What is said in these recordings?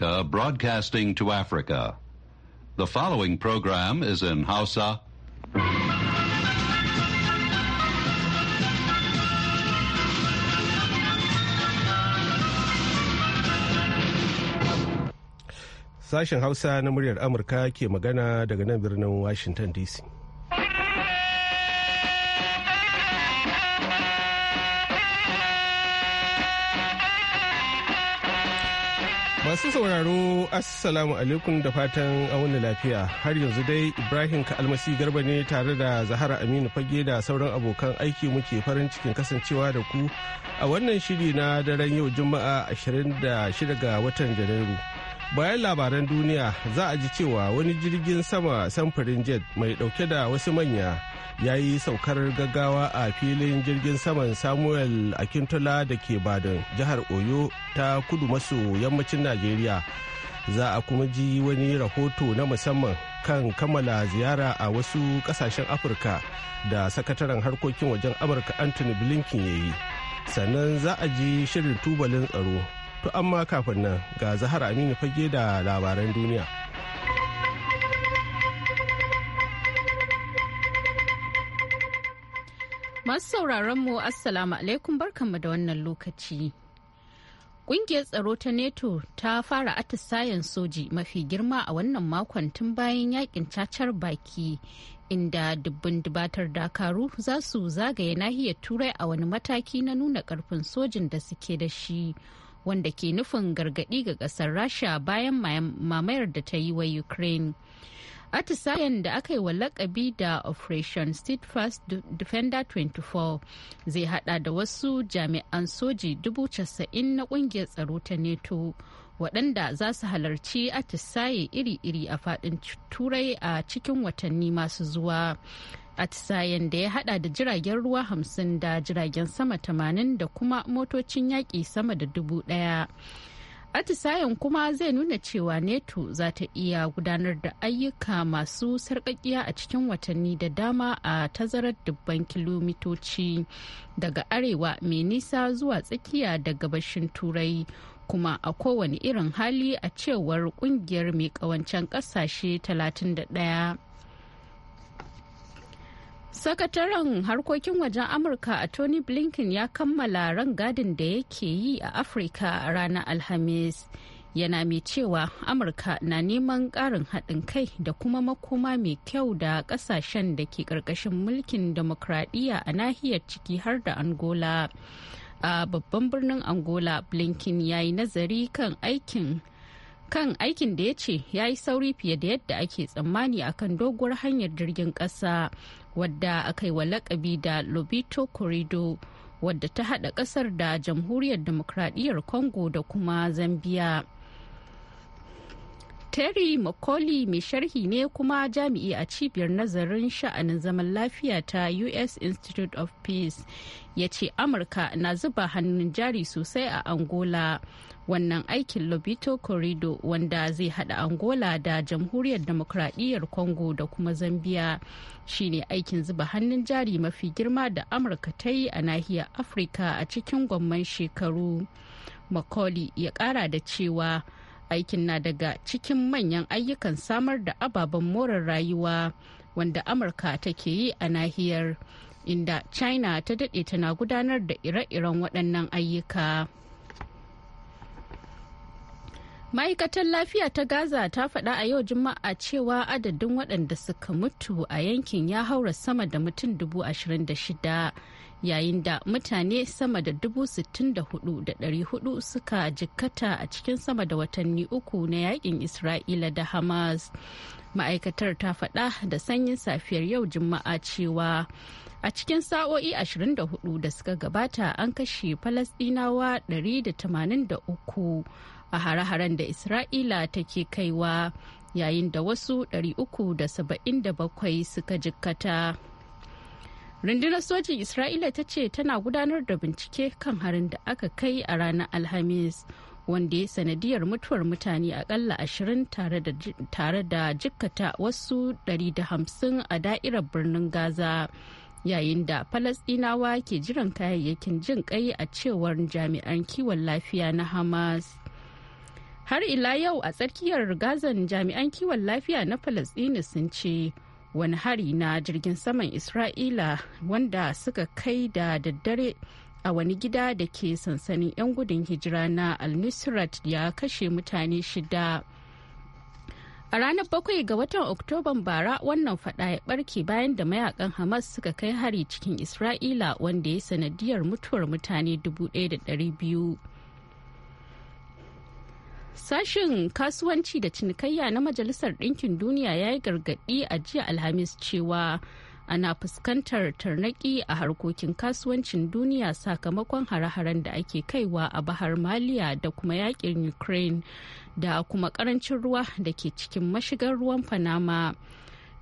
America broadcasting to Africa. The following program is in Hausa. Sashen Hausa na muryar Amurka ke magana daga nan birnin Washington DC. Masu sauraro Assalamu alaikum da fatan wani lafiya har yanzu dai Ibrahim Kalmasi Garba ne tare da Zahara Aminu Fage da sauran abokan aiki muke farin cikin kasancewa da ku a wannan shiri na daren yau Juma'a 26 ga watan Janairu. Bayan labaran duniya za a ji cewa wani jirgin sama samfurin jet mai dauke da wasu manya ya yi saukar gaggawa a filin jirgin saman samuel akintola da ke badin jihar oyo ta kudu maso yammacin najeriya za a kuma ji wani rahoto na musamman kan kammala ziyara a wasu kasashen afirka da sakataren harkokin wajen amurka anthony blinken ya yi sannan za a ji shirin tubalin tsaro to amma kafin nan ga zahara aminu fage da labaran duniya Masu sauraron mu Assalamu alaikum barkanmu da wannan lokaci. Ƙungiyar tsaro ta NATO ta fara atisayen soji mafi girma a wannan makon tun bayan yakin cacar baki inda dubbin dubatar dakaru za su zagaye nahiyar turai a wani mataki na nuna karfin sojin da suke da shi wanda ke nufin gargaɗi ga ƙasar rasha bayan mamayar da ta yi wa ukraine atisayen da aka yi wa lakabi da operation steadfast defender 24 zai hada da wasu jami'an soji 90,000 na kungiyar tsaro ta neto waɗanda za su halarci atisaye iri-iri a faɗin turai a cikin watanni masu zuwa atisayen da ya hada da jiragen ruwa hamsin da jiragen sama 80 da kuma motocin yaƙi sama da dubu ɗaya. atisayen kuma zai nuna cewa neto za ta iya gudanar da ayyuka masu sarƙaƙiya a cikin watanni da dama a tazarar dubban kilomitoci daga arewa mai nisa zuwa tsakiya da gabashin turai kuma a kowane irin hali a cewar ƙungiyar mai ƙawancen ƙasashe 31 Sakataren harkokin wajen Amurka a Tony Blinken ya kammala rangadin da yake yi a Afirka a ranar Alhamis. Yana mai cewa Amurka na neman ƙarin haɗin kai da kuma makoma mai kyau da ƙasashen da ke ƙarƙashin mulkin demokradiyya a nahiyar ciki har da Angola. A babban birnin Angola, Blinken ya yi nazari kan aikin kan aikin da ya ce ya yi sauri fiye da yadda ake tsammani akan doguwar hanyar jirgin ƙasa wadda aka yi wa lakabi da lobito corridor wadda ta hada kasar da jamhuriyar demokradiyyar congo da kuma zambia terry mccauley mai sharhi ne kuma jami'i a cibiyar nazarin sha'anin zaman lafiya ta u.s institute of peace ya ce amurka na zuba hannun jari sosai a angola wannan aikin lobito corridor wanda zai hada angola da jamhuriyar demokradiyyar congo da kuma zambia shine aikin zuba hannun jari mafi girma da amurka ta yi a nahiyar afirka a cikin gwamman shekaru macaulay ya kara da cewa aikin na daga cikin manyan ayyukan samar da ababen more rayuwa wanda amurka take yi a nahiyar inda china ta daɗe tana gudanar da ire-iren waɗannan ayyuka. ma'aikatar lafiya ta gaza ta faɗa a yau juma'a cewa adadin waɗanda suka mutu a yankin ya haura sama da mutum dubu ashirin da shida yayin da mutane sama da dubu sittin da hudu da ɗari hudu suka jikkata a cikin sama da watanni uku na yakin isra'ila da hamas ma'aikatar ta faɗa da sanyin safiyar yau juma'a cewa a cikin sa'o'i 24 da suka gabata an kashe falasɗinawa 183 a hare-haren da isra'ila take kaiwa yayin da wasu 377 suka jikkata rundunar sojin isra'ila ta ce tana gudanar da bincike kan harin da aka kai a ranar alhamis wanda ya sanadiyar mutuwar mutane akalla 20 tare da jikkata wasu 150 a da'irar birnin gaza yayin da falasdinawa ke jiran kayayyakin jin kai a cewar jami'an kiwon lafiya na hamas har ila yau a tsakiyar gazan jami'an kiwon lafiya na falasdini sun ce wani hari na jirgin saman isra'ila wanda suka kai da daddare a wani gida da ke sansanin 'yan gudun hijira na al-nusrat ya kashe mutane shida a ranar bakwai ga watan oktoban bara wannan fada ya barke bayan da mayakan hamas suka kai hari cikin isra'ila wanda ya sanadiyar mutuwar mutane 1200 Sashen kasuwanci da cinikayya na Majalisar Ɗinkin Duniya ya yi gargaɗi a jiya Alhamis cewa ana fuskantar tarnaki a harkokin kasuwancin duniya sakamakon hare-haren da ake kaiwa a bahar maliya da kuma yakin ukraine da kuma karancin ruwa da ke cikin mashigar ruwan panama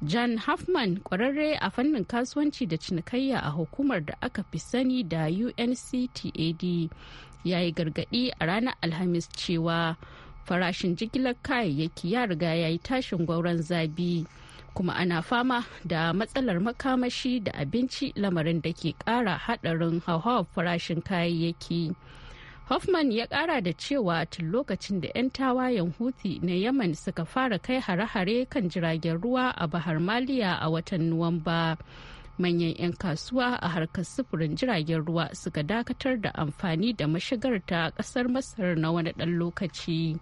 Jan Hoffman kwararre a fannin kasuwanci da cinikayya a hukumar da aka fi sani da unctad ya yi gargadi a ranar alhamis cewa farashin jigilar kayayyaki ya riga ya yi tashin gwauron zabi kuma ana fama da matsalar makamashi da abinci lamarin da ke kara hadarin hauhawar farashin kayayyaki hoffman ya kara da cewa tun lokacin da 'yan tawayen huti na yaman suka fara kai hare-hare kan jiragen ruwa a bahar maliya a watan nuwamba manyan 'yan kasuwa a harkar sufurin jiragen ruwa suka dakatar da amfani da mashigar ta kasar masar na wani dan lokaci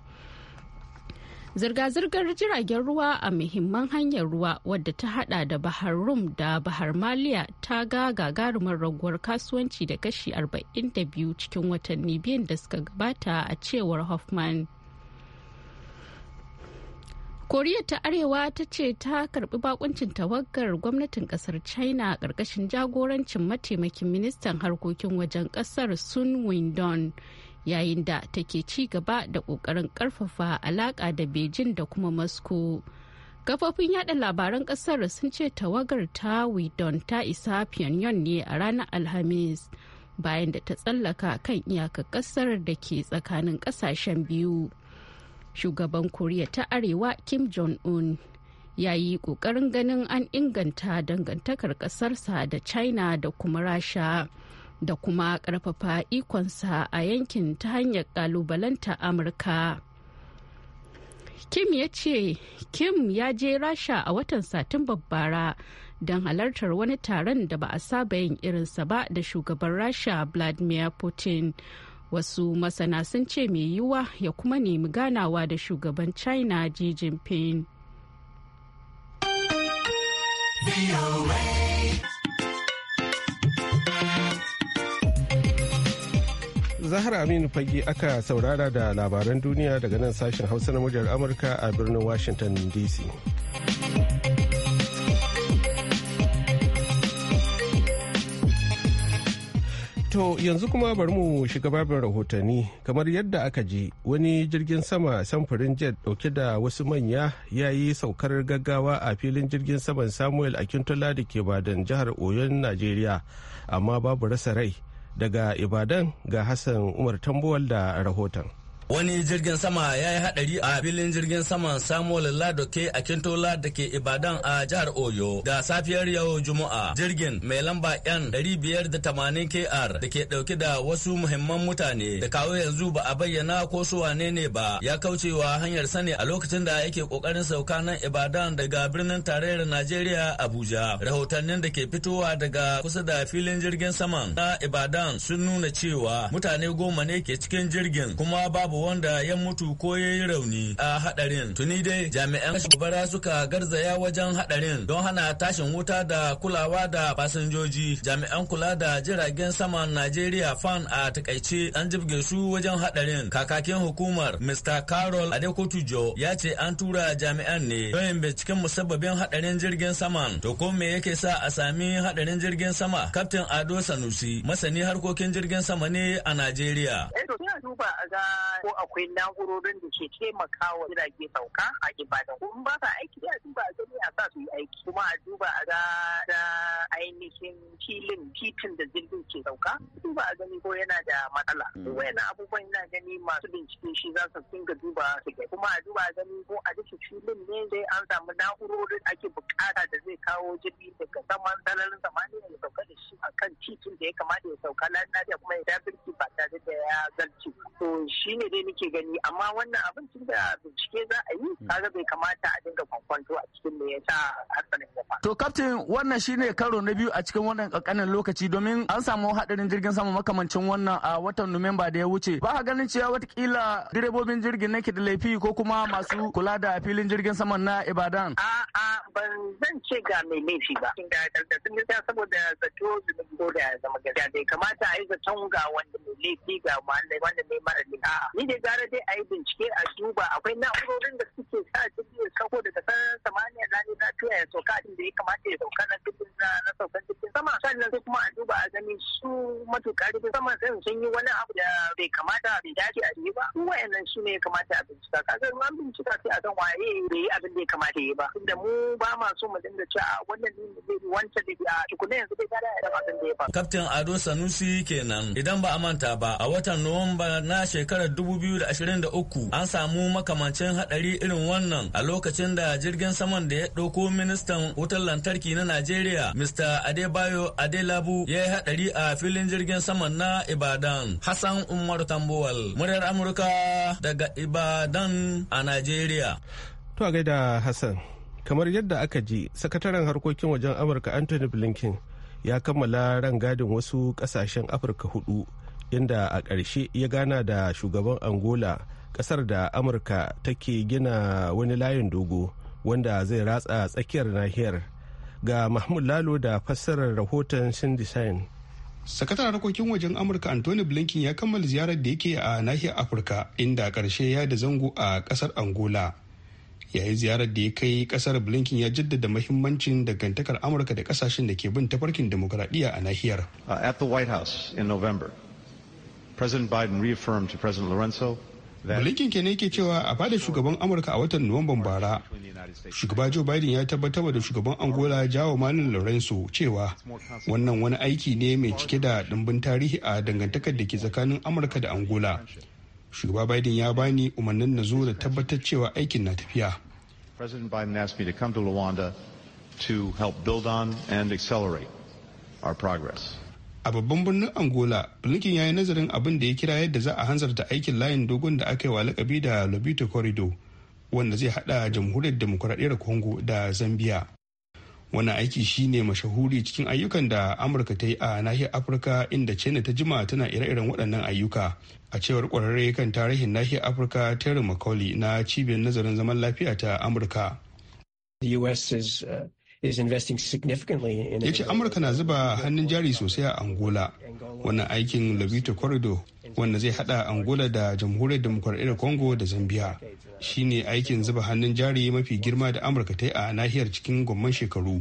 Zirga-zirgar jiragen ruwa a muhimman hanyar ruwa wadda ta hada da Bahar Rum da Bahar Maliya ta ga gagarumar raguwar kasuwanci da kashi 42 cikin watanni biyan da suka gabata a cewar Hoffman. koriya ta arewa ta ce ta karbi bakuncin tawagar gwamnatin kasar china a karkashin jagorancin mataimakin ministan harkokin wajen kasar sun windon yayin da take ci gaba da kokarin karfafa alaka da beijing da kuma moscow kafofin yada labaran kasar sun ce tawagar ta widon ta isa pyongyang ne a ranar alhamis bayan da ta tsallaka kan iyaka kasar da ke tsakanin kasashen biyu shugaban koriya ta arewa kim jong-un ya yi kokarin ganin an inganta dangantakar kasarsa da china da kuma rasha da kuma karfafa ikonsa a yankin ta hanyar ƙalubalanta amurka kim ya ce kim ya je rasha a watan satin bara don halartar wani taron da ba a saba yin irinsa ba da shugaban rasha vladimir putin wasu masana sun ce mai yiwuwa ya kuma nemi ganawa da shugaban china xi jinping Zahra Aminu fage aka saurara da labaran duniya daga nan sashen Hausa na muryar Amurka a birnin Washington DC. To yanzu kuma bari mu shiga babin rahotanni kamar yadda aka ji wani jirgin sama samfurin jet dauke da wasu manya ya yi saukar gaggawa a filin jirgin saman Samuel Akintola da ke badan jihar Oyon Najeriya amma babu rasa rai. daga ibadan ga hassan umar tambuwal da rahoton wani jirgin sama ya yi hadari a filin jirgin saman samuel ladoke a kintola da ke ibadan a jihar oyo da safiyar yau juma'a jirgin mai lamba yan 580 kr da ke dauke da wasu muhimman mutane da kawo yanzu ba a bayyana ko su wane ne ba ya kaucewa hanyar sani a lokacin da yake kokarin sauka nan ibadan daga birnin tarayyar najeriya abuja rahotannin da ke fitowa daga kusa da filin jirgin saman na ibadan sun nuna cewa mutane goma ne ke cikin jirgin kuma babu babu wanda ya mutu ko ya yi rauni a hadarin. Tuni dai jami'an shugabara suka garzaya wajen hadarin don hana tashin wuta da kulawa da fasinjoji. Jami'an kula da jiragen saman Najeriya fan a takaice an jibge su wajen hadarin. Kakakin hukumar Mr. Carol jo ya ce an tura jami'an ne don yin binciken musabbabin hadarin jirgin saman. To ko me yake sa a sami hadarin jirgin sama? Kaftin Ado Sanusi masani harkokin jirgin sama ne a Najeriya. Eh duba a ga ko akwai na'urorin da ke taimakawa jirage sauka a Ibadan. Kuma ba sa aiki a duba a gani a sa su yi aiki kuma a duba a ga da ainihin filin titin da jirgin ke sauka. Duba a gani ko yana da matsala. Mm. Wayan abubuwan yana gani masu bincike shi za su dinga duba su ga kuma a duba a gani ko a duka filin ne dai an samu na'urorin ake bukata da zai kawo jirgi daga saman sararin samaniya ya sauka da shi akan titin da ya kamata ya sauka lafiya kuma ya dabirki ba tare da ya zarce to shi ne dai muke gani amma wannan abin tun da bincike za a yi hmm. kaga bai kamata a dinga kwankwanto a cikin me yasa hatsarin ya to kaftin wannan shine karo na biyu a cikin wannan kankanin lokaci domin an samu hadarin jirgin sama makamancin wannan a watan Nuwamba da ya wuce ba ganin cewa watakila direbobin jirgin na da laifi ko kuma masu kula da filin jirgin saman na Ibadan a a ban zan ce ga mai laifi ba da sun da saboda zato ko da zama gaskiya bai kamata a yi zaton ga wanda mai laifi ga wanda mai ne mara ne ni da gara dai a yi bincike a duba akwai na'urorin da suke sa jirgin ya sako daga sararin samaniya rani tuya ya sauka da ya kamata ya sauka na jirgin na saukan jirgin sama sannan sai kuma a duba a gani su matuƙa jirgin sama sai sun yi wani abu da bai kamata bai dace a yi ba su wayannan su ne ya kamata a bincika kaga ruwan bincika sai a san waye bai yi abin da ya kamata ya yi ba tunda mu ba ma so mu dinga cewa wannan ne zai yi wancan da a tukuna yanzu bai gara ya abin da ya ba. Kaftin Ado Sanusi kenan idan ba a manta ba a watan Nuwamba na shekarar 2023 an samu makamancin hadari irin wannan a lokacin da jirgin saman da ya ɗauko ministan wutar lantarki na Najeriya Mr. Adebayo Adelabu ya yi hadari a filin jirgin saman na Ibadan. Hassan Umar tambowal muryar Amurka daga Ibadan a Najeriya. To a gaida Hassan, kamar yadda aka ji, sakataren harkokin wajen Amurka Anthony Blinken ya kammala gadin wasu kasashen Afirka hudu. inda a ƙarshe ya gana da shugaban angola ƙasar da amurka take gina wani layin dogo wanda zai ratsa tsakiyar nahiyar ga mahmud lalo da fassarar rahoton cindy sakataren harkokin wajen amurka anthony blinken ya kammala ziyarar da yake a nahiyar afirka inda karshe ya da zango a kasar angola yayin ziyarar da ya kai kasar blinken ya jaddada mahimmancin dangantakar amurka da kasashen da ke bin tafarkin demokuraɗiyya a nahiyar uh, at the white house in november President Biden reaffirmed to President Lorenzo Blinken ke ne ke cewa a fadar shugaban Amurka a watan Nuwamban bara, shugaba Joe Biden ya tabbatar da shugaban Angola Jawo Malin Lorenzo cewa wannan wani aiki ne mai cike da dimbin tarihi a dangantakar da ke tsakanin Amurka da Angola. Shugaba Biden ya bani umarnin na zo da tabbatar cewa aikin na tafiya. President Biden asked me to come help build on and accelerate our progress. a babban birnin angola blinken ya yi nazarin abin da ya kira yadda za a hanzarta aikin layin dogon da aka yi wa lakabi da lobito corridor wanda zai hada jamhuriyar demokuraɗiyar congo da zambia wannan aiki shine mashahuri cikin ayyukan da amurka ta yi a nahiyar afirka inda china ta jima tana ire-iren waɗannan ayyuka a cewar ƙwararre kan tarihin nahiyar afirka terry mccauley na cibiyar nazarin zaman lafiya ta amurka the is investing significantly in yace amurka na zuba hannun jari sosai a angola wannan aikin lobito corridor wanda zai hada angola da jamhuriyar demokuraɗiyyar congo da zambia shine aikin zuba hannun jari mafi girma da amurka ta yi a nahiyar cikin gomman shekaru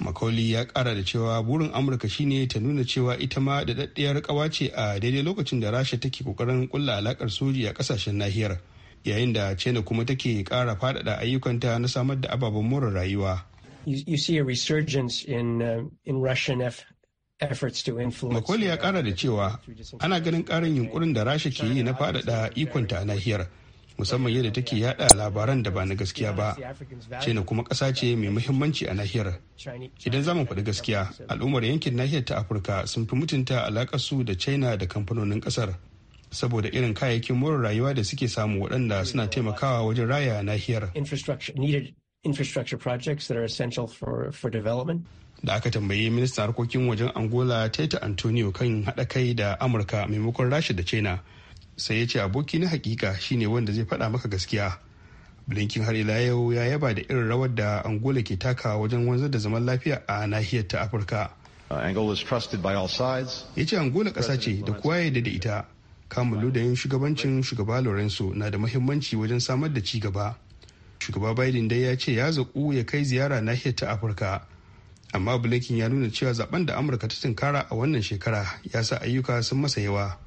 makauli ya kara da cewa burin amurka shine ta nuna cewa ita ma da daddiyar kawace a daidai lokacin da rasha take kokarin kulla alakar soji a kasashen nahiyar yayin da china kuma take kara fadada ayyukanta na samar da ababen more rayuwa you see a resurgence in, uh, in Russian F to Makoli ya kara da cewa ana ganin karin yunkurin da Rasha ke yi na fadada ikonta a nahiyar musamman yadda take yada labaran da ba na gaskiya ba. China kuma ƙasa ce mai muhimmanci a nahiyar. Idan zamu faɗi gaskiya, al'ummar yankin nahiyar ta Afirka sun fi mutunta alakar su da China da kamfanonin ƙasar. saboda irin kayayyakin more rayuwa da suke samu waɗanda suna taimakawa wajen raya nahiyar. Da aka tambayi ministan harkokin wajen Angola Teta Antonio kan haɗa kai da Amurka maimakon Rasha da China. Sai ya ce aboki na hakika shine wanda zai faɗa maka gaskiya. Blinken har ila yau ya yaba da irin rawar da Angola ke taka wajen wanzar da zaman lafiya a nahiyar ta Afirka. Uh, Angola is trusted Ya ce Angola ƙasa ce da kowa ya da ita kamun yin shugabancin shugaba lorenzo na da mahimmanci wajen samar da ci gaba shugaba biden dai ya ce ya zaku ya kai ziyara nahiyar ta afirka amma blinken ya nuna cewa zaben da amurka ta tunkara a wannan shekara ya sa ayyuka sun masa yawa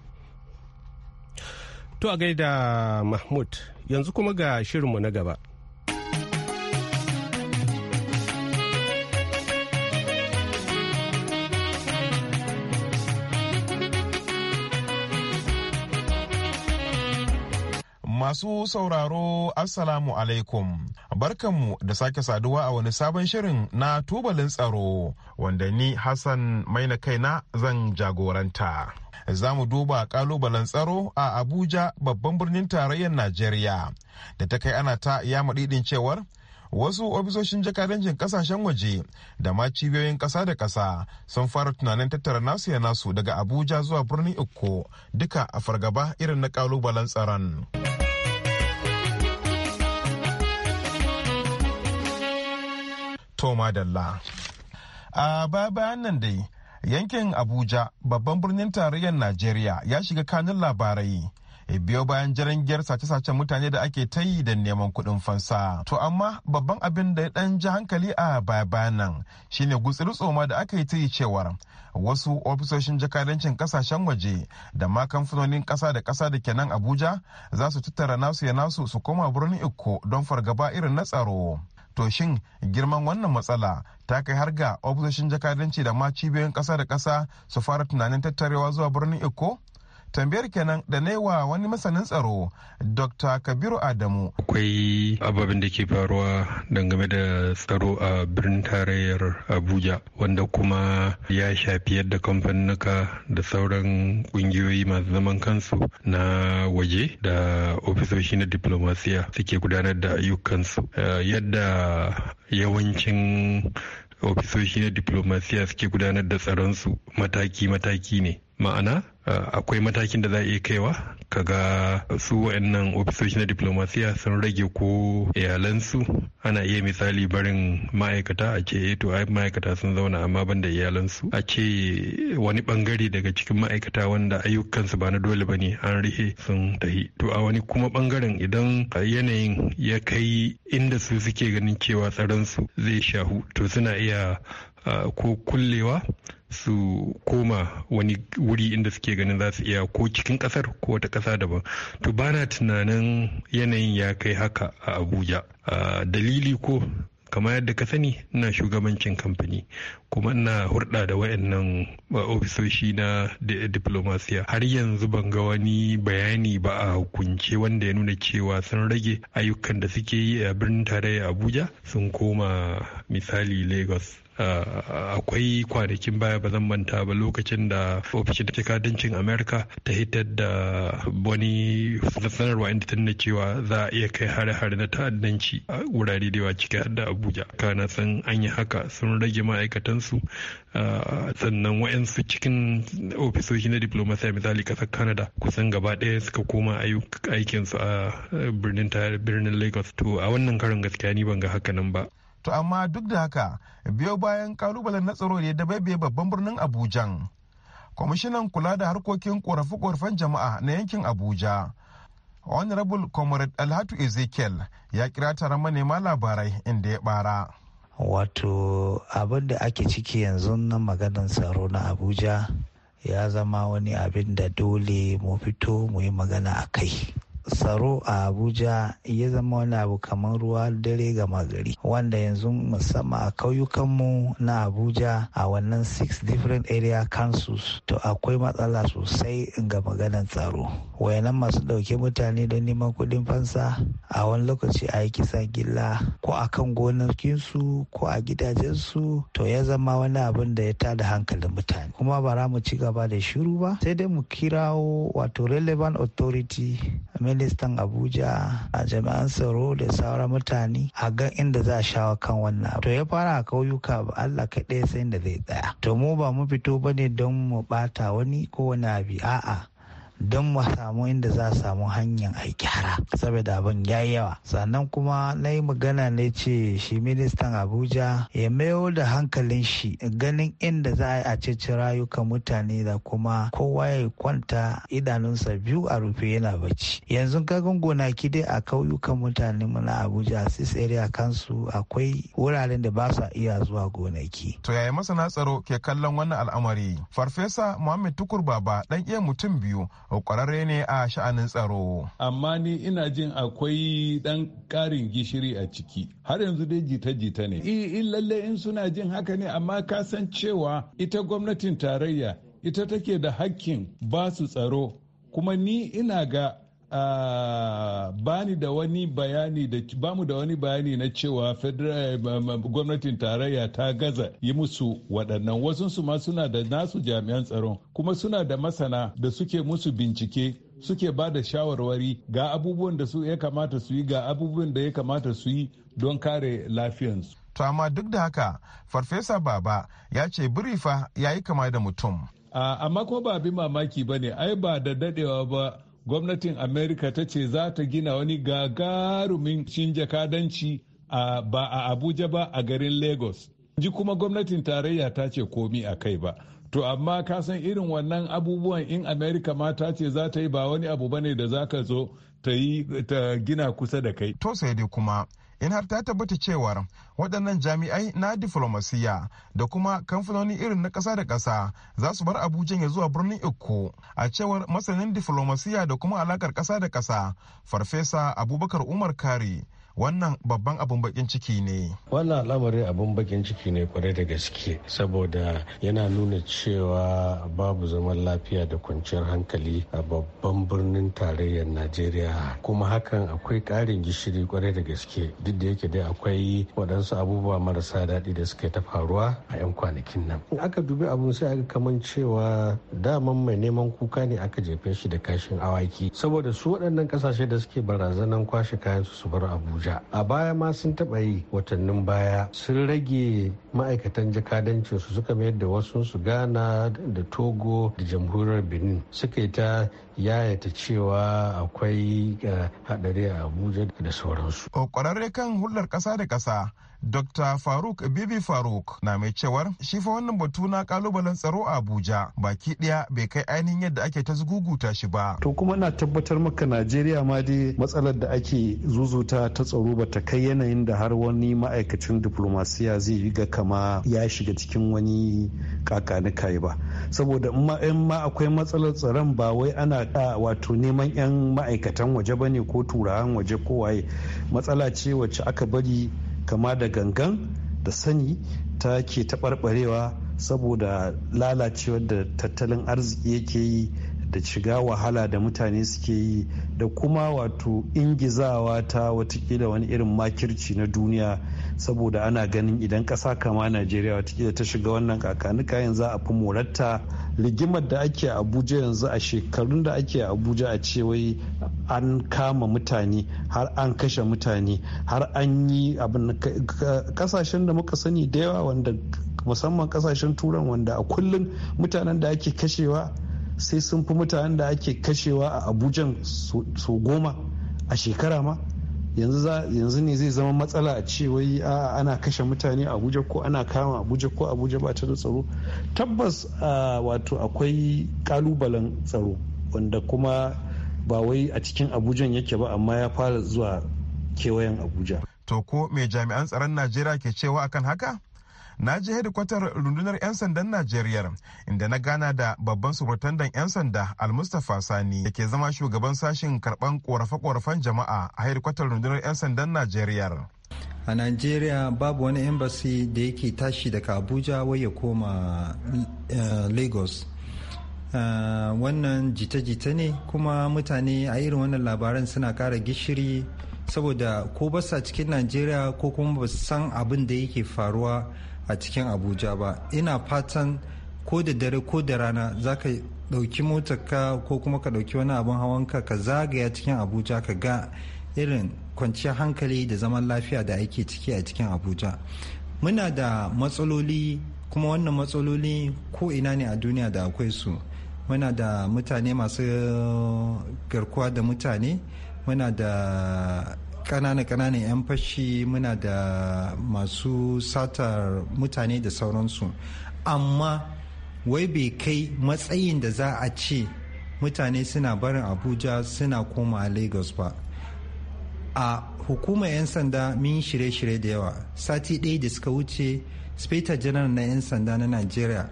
to a gaida mahmud yanzu kuma ga shirinmu na gaba Masu sauraro Assalamu alaikum. Barkanmu da sake saduwa a wani sabon shirin na tubalin tsaro wanda ni Hassan maina kaina zan jagoranta. Za mu duba kalubalen tsaro a Abuja babban birnin tarayyar Najeriya da ta kai ana ta ya maɗiɗin cewar wasu ofisoshin jakadancin kasashen waje da ma cibiyoyin ƙasa da ƙasa sun fara tunanin tattara nasu ya nasu daga abuja zuwa birnin ukko duka a fargaba irin na kalubalen tsaron. to dalla a baya bayan nan dai yankin abuja babban birnin tarayyar najeriya ya shiga kanun labarai biyo bayan jiran giyar sace-sacen mutane da ake ta yi da neman kuɗin fansa. To amma babban abin da ya ɗan ji hankali a baya bayan nan shine gutsiri tsoma da aka yi ta yi cewar wasu ofisoshin jakadancin kasashen waje da ma kamfanonin ƙasa da ƙasa da kenan Abuja za su tattara nasu ya nasu su koma birnin Ikko don fargaba irin na tsaro. to shin girman wannan matsala ta kai har ga ofisoshin jakadanci da ma cibiyoyin ƙasa da ƙasa su fara tunanin tattarewa zuwa birnin eko tambayar kenan da wa wani masanin tsaro dr kabiru adamu akwai ababen da ke faruwa dangane da tsaro a birnin tarayyar abuja wanda kuma ya shafi yadda kamfanuka da sauran kungiyoyi masu zaman kansu na waje da ofisoshi na diplomasiya suke gudanar da ayyukansu yadda yawancin ofisoshi na diplomasiya suke gudanar da tsaronsu mataki-mataki ne ma'ana eh, akwai matakin da za a iya kaiwa kaga su wa'annan ofisoshi na diplomasiya sun rage ko iyalansu ana iya misali barin ma'aikata a ce eh, to ai ma'aikata sun zauna amma ban da iyalansu a ce wani bangare daga cikin ma'aikata wanda ayyukansu ba na dole ba ne an rihe sun tahi to a wani kuma bangaren idan yanayin ya kai inda su suke ganin cewa tsaron zai shahu to suna iya eh, ko kullewa su koma wani wuri inda suke ganin za su iya ko cikin kasar ko wata kasa daban to ba na tunanin yanayin ya kai haka a abuja A dalili ko kamar yadda ka sani ina shugabancin kamfani kuma ina hurɗa da wayannan ofisoshi na diplomasiya har yanzu ban ga wani bayani ba a hukunce wanda ya nuna cewa sun rage ayyukan da suke yi a birnin tarayya abuja sun koma misali lagos Eh, akwai kwanakin baya ba zan manta ba lokacin da ofishin jakadancin amerika ta hitar da wani sanarwa inda ta cewa za a iya kai hare-hare na ta'addanci a wurare da yawa ciki har da abuja kana san an yi haka sun rage ma'aikatansu eh, sannan wa'yansu cikin ofisoshi na diplomasiya misali kasar canada kusan gaba ɗaya suka koma aikinsu a eh, birnin lagos to a wannan karin gaskiya ni ban ga haka nan ba to amma duk da haka biyo bayan kalubalen na tsaro da ya dabaibaye babban birnin abuja kwamishinan kula da harkokin korafi korafen jama'a na yankin abuja honorable comrade alhatu ezekiel ya kira taron manema labarai inda ya bara wato abin da ake ciki yanzu na maganin tsaro na abuja ya zama wani abin da dole mu fito mu yi magana a kai tsaro a abuja ya zama wani abu kamar ruwa dare gama gari wanda yanzu musamman a kauyukanmu na abuja a wannan six different area councils to akwai matsala sosai ga maganar tsaro wayanan masu ɗauke mutane don neman kuɗin fansa a wani lokaci a yi kisan gilla ko a kan gonakinsu ko a gidajensu to ya zama wani abin da ya tada hankalin mutane kuma ba mu ci gaba da shiru ba sai dai mu kirawo wato relevant authority ministan abuja a jami'an tsaro da sauran mutane a gan inda za a shawo kan wannan to ya fara a kauyuka ba allah kaɗai sai da zai tsaya to mu ba mu fito ba ne don mu bata wani ko wani abi a'a don mu samu inda za a samu hanyar aiki hara saboda abin ya yi yawa sannan kuma na yi magana ne ce shi ministan abuja ya mayo da hankalin shi ganin inda za a yi ceci rayuka mutane da kuma kowa ya kwanta idanunsa biyu a rufe yana bacci yanzu kagan gonaki dai a kauyukan mutane mu na abuja sis area kansu akwai wuraren da ba sa iya zuwa gonaki to yaya masana tsaro ke kallon wannan al'amari farfesa muhammed tukur baba dan iya mutum biyu Oh, kwararre ne a sha'anin tsaro. Amma ni ina jin akwai ɗan ƙarin gishiri a ciki. Har yanzu dai jita-jita ne. In lalle in suna jin haka ne amma ka san cewa ita gwamnatin tarayya ita take da hakkin ba su tsaro. Kuma ni ina ga bani da wani da bamu da wani bayani na cewa federal eh, gwamnatin tarayya ta gaza yi musu waɗannan wasu ma suna da nasu jami'an tsaron kuma suna da masana da suke musu bincike suke ba da shawarwari ga abubuwan da su ya kamata su yi ga abubuwan da ya kamata su yi don kare lafiyansu. To amma duk da haka farfesa baba ya ce birifa ya yi kama da mutum. Amma ko ba bi mamaki ba ne ai ba da dadewa ba gwamnatin america ta ce za ta gina wani gagarumin cin jakadanci ba a abuja ba a garin lagos ji kuma gwamnatin tarayya ta ce komi a kai ba to amma ka san irin wannan abubuwan in amerika ma ta ce za ta yi ba wani abu bane da za ka zo ta ta gina kusa da kai to sai dai kuma in har ta tabbata cewar waɗannan jami'ai na diflomasiya da kuma kamfanoni irin na ƙasa da ƙasa za su bar abuja ya zuwa birnin ikko a cewar masanin diflomasiya da kuma alakar ƙasa da ƙasa farfesa abubakar umar kari wannan babban abun bakin ciki ne wannan al'amari abun bakin ciki ne kwarai da gaske saboda yana nuna cewa babu zaman lafiya da kwanciyar hankali a babban birnin tarayyar najeriya kuma hakan akwai ƙarin gishiri kwarai da gaske duk da yake dai akwai waɗansu abubuwa marasa daɗi da suka ta faruwa a 'yan kwanakin nan in aka dubi abun sai aka kaman cewa daman mai neman kuka ne aka jefe shi da kashin awaki saboda su waɗannan ƙasashe da suke barazanan kwashe kayan su su bar abuja abuja a baya ma sun taɓa yi watannin baya sun rage ma'aikatan jakadancin su suka mayar da wasu su gana da togo da jamhuriyar benin suka yi ta yayata cewa akwai eh, haɗari a abuja da sauransu. kan hular ƙasa da ƙasa Dr. Faruk Bibi Faruk na mai cewar shi fa wannan batu na kalubalen tsaro a Abuja baki ɗaya bai kai ainihin yadda ake ta zuguguta shi ba. To kuma na tabbatar maka Najeriya ma dai matsalar da ake zuzuta ta tsaro ba ta kai yanayin da har wani ma'aikacin diplomasiya zai yi ga kama ya shiga cikin wani kakanikai ba. Saboda in ma akwai matsalar tsaron ba wai ana wato neman 'yan ma'aikatan waje ba ne ko turawan waje ko waye matsala ce wacce aka bari kama da gangan da sani ta ke taɓarɓarewa saboda lalacewar da tattalin arziki yake yi da shiga wahala da mutane suke yi da kuma wato ingizawa ta watakila wani irin makirci na duniya saboda ana ganin idan kasa kama najeriya da ta shiga wannan kakanika yanzu za a fi moratta rigimar da ake abuja yanzu a shekarun da ake abuja a ce an kama mutane har an kashe mutane har an yi abin kasashen da muka sani da yawa wanda musamman kasashen turan wanda a kullum mutanen da ake kashewa sai sun fi mutanen da ake kashewa a Abuja so goma a shekara ma yanzu ne zai zama matsala a ce wai ana kashe mutane a abuja ko ana kama abuja ko abuja ba ta da tsaro tabbas wato akwai kalubalen tsaro wanda kuma ba wai a cikin abujan yake ba amma ya fara zuwa kewayen abuja to ko mai jami'an tsaron najeriya ke cewa akan haka na je hedikwatar rundunar 'yan sandan najeriya inda na gana da babban surutandan 'yan sanda almustapha sani da ke zama shugaban sashen karban korafe-korafen jama'a a hedikwatar rundunar 'yan sandan najeriya a najeriya babu wani embassy da yake tashi daga abuja wai ya koma eh, lagos eh, wannan jita-jita ne kuma mutane a irin wannan labaran suna kara gishiri saboda ko basa cikin najeriya ko kuma ba san abin da yake faruwa a cikin abuja ba ina fatan ko da dare ko da rana za ka ɗauki motarka ka ko kuma ka ɗauki wani abin hawan ka ka zagaya cikin abuja ka ga irin kwanciyar hankali da zaman lafiya da ake ciki a cikin abuja muna da matsaloli kuma wannan matsaloli ko ina ne a duniya da akwai su muna da mutane masu garkuwa da mutane muna da kanana kanana 'yan fashi muna da masu satar mutane da sauransu amma wai bai kai matsayin da za a ce mutane suna barin abuja suna koma lagos ba a hukumar 'yan sanda min shirye-shirye da yawa sati ɗaya da suka wuce speta janar na 'yan sanda na nigeria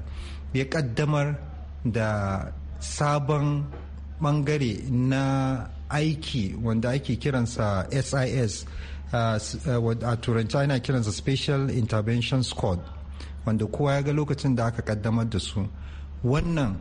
ya kaddamar da sabon bangare na aiki wanda ake kiransa sis uh, uh, a turanci ana kiransa special intervention squad wanda kowa ya ga lokacin da aka kaddamar da su wannan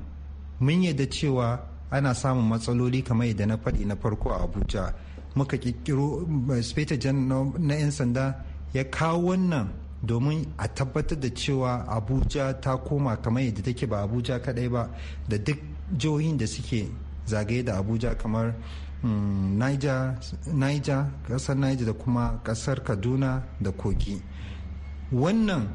mun yadda cewa ana samun matsaloli kamar yadda na faɗi na farko a abuja muka ƙirƙiro uh, speta jan na 'yan sanda ya kawo wannan domin a tabbatar da cewa abuja ta koma kamar yadda take ba abuja kadai ba da duk jihohin da suke zagaye da abuja kamar Mm, niger kasar niger da kuma kasar kaduna da kogi wannan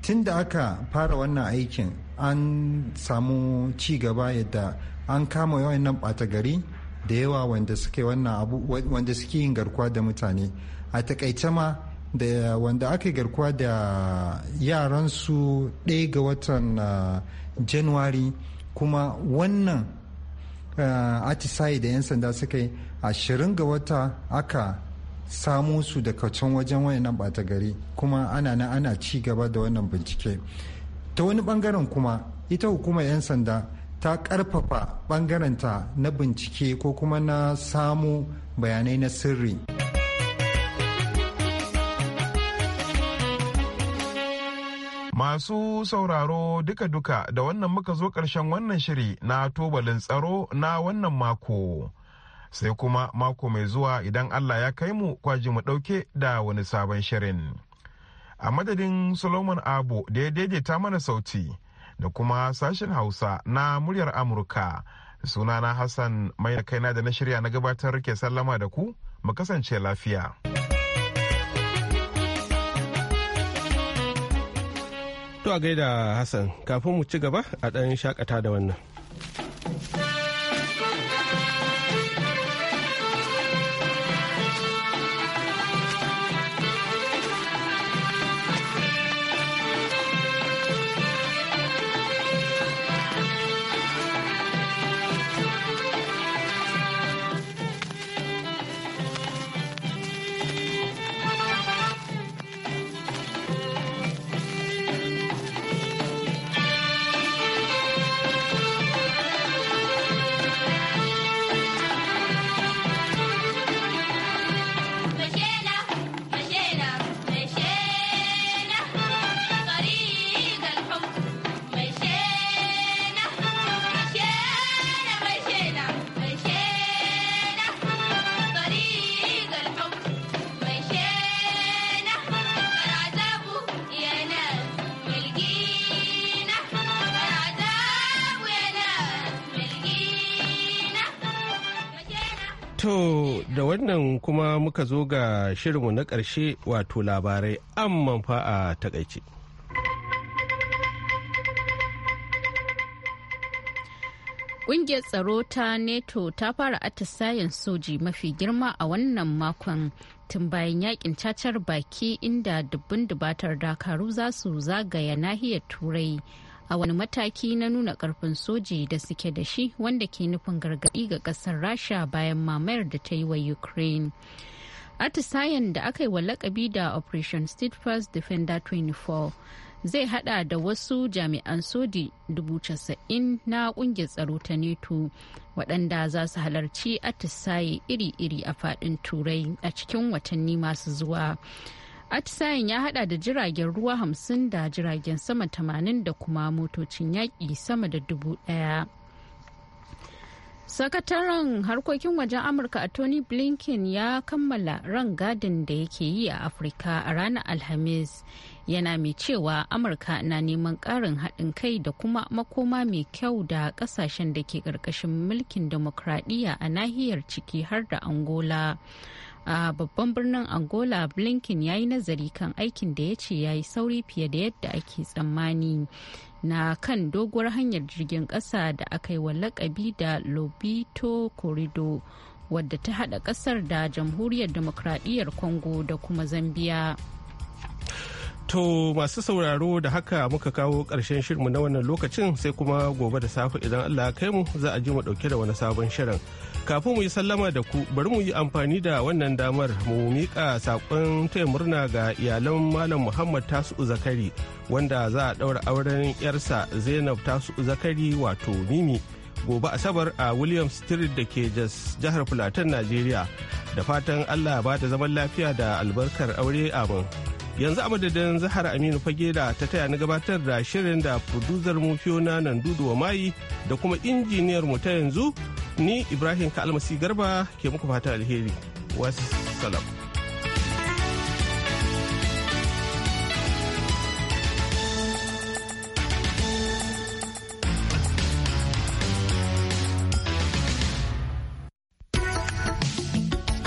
tun da aka fara wannan aikin an samu ci gaba yadda an kama yawan nan ɓata gari da yawa wanda suke wannan abu wanda suke yin garkuwa da mutane a takaice ma da wanda aka yi garkuwa da yaransu ɗaya ga watan ah, januwari kuma wannan atisayi da 'yan sanda suka yi ashirin ga wata aka samu su da can wajen wayannan bata gari kuma ana na ana ci gaba da wannan bincike ta wani bangaren kuma ita hukumar 'yan sanda ta karfafa ta na bincike ko kuma na samu bayanai na sirri. Masu sauraro duka-duka da wannan muka zo ƙarshen wannan shiri na tubalin tsaro na wannan mako. Sai kuma mako mai zuwa idan Allah ya kai mu kwaji mu ɗauke da wani sabon shirin. A madadin Solomon abu da ya daidaita mana sauti da kuma sashen Hausa na muryar Amurka. Sunana Hassan mai kaina da na shirya na gabatar ke sallama da ku, mu kasance lafiya. To a gaida Hassan, kafin mu ci gaba a ɗan shakata da wannan. da wannan kuma muka zo ga shirinmu na ƙarshe wato labarai amman fa a takaice. Ƙungiyar tsaro ta NATO ta fara atisayen soji mafi girma a wannan makon tun bayan yakin cacar baki inda dubbin dubatar dakaru za su zagaya nahiyar turai. a wani mataki na nuna karfin soji da suke da shi wanda ke nufin gargaɗi ga ƙasar rasha bayan mamayar da ta yi wa ukraine atisayen da aka yi wa lakabi da operation state steadfast defender 24 zai hada da wasu jami'an soji 90,000 na kungiyar tsaro ta neto waɗanda za su halarci atisaye iri-iri a faɗin turai a cikin watanni masu zuwa atisayen ya hada da jiragen ruwa hamsin da jiragen sama tamanin da kuma motocin yaƙi sama da dubu ɗaya. sakataren harkokin wajen amurka a tony blinken ya kammala ran gadin da yake yi a afirka a ranar alhamis yana mai cewa amurka na neman ƙarin haɗin kai da kuma makoma mai kyau da ƙasashen da ke ƙarƙashin mulkin demokradiyya a nahiyar ciki har da angola a babban birnin angola blinken ya yi nazari kan aikin da ya ce ya yi sauri fiye da yadda ake tsammani na kan doguwar hanyar jirgin kasa da aka yi wa lakabi da lobito corridor wadda ta hada ƙasar da jamhuriyar demokradiyyar congo da kuma zambia To masu sauraro da haka muka kawo ƙarshen shirmu na wannan lokacin sai kuma gobe da safe idan Allah ya kai mu za a ji mu ɗauke da wani sabon shirin. kafin mu yi sallama da ku bari mu yi amfani da wannan damar mu miƙa saƙon taya murna ga iyalan malam muhammad tasu zakari wanda za a ɗaura auren yarsa zainab tasu zakari wato mimi gobe asabar a William street da ke jihar fulatan najeriya da fatan allah ba da zaman lafiya da albarkar aure amin yanzu a madadin zahar aminu fage da ta taya na gabatar da shirin da producer mu fiona nan dudu wa mayi da kuma injiniyar mu ta yanzu ni ibrahim ka almasi garba ke muku fata alheri wasu salam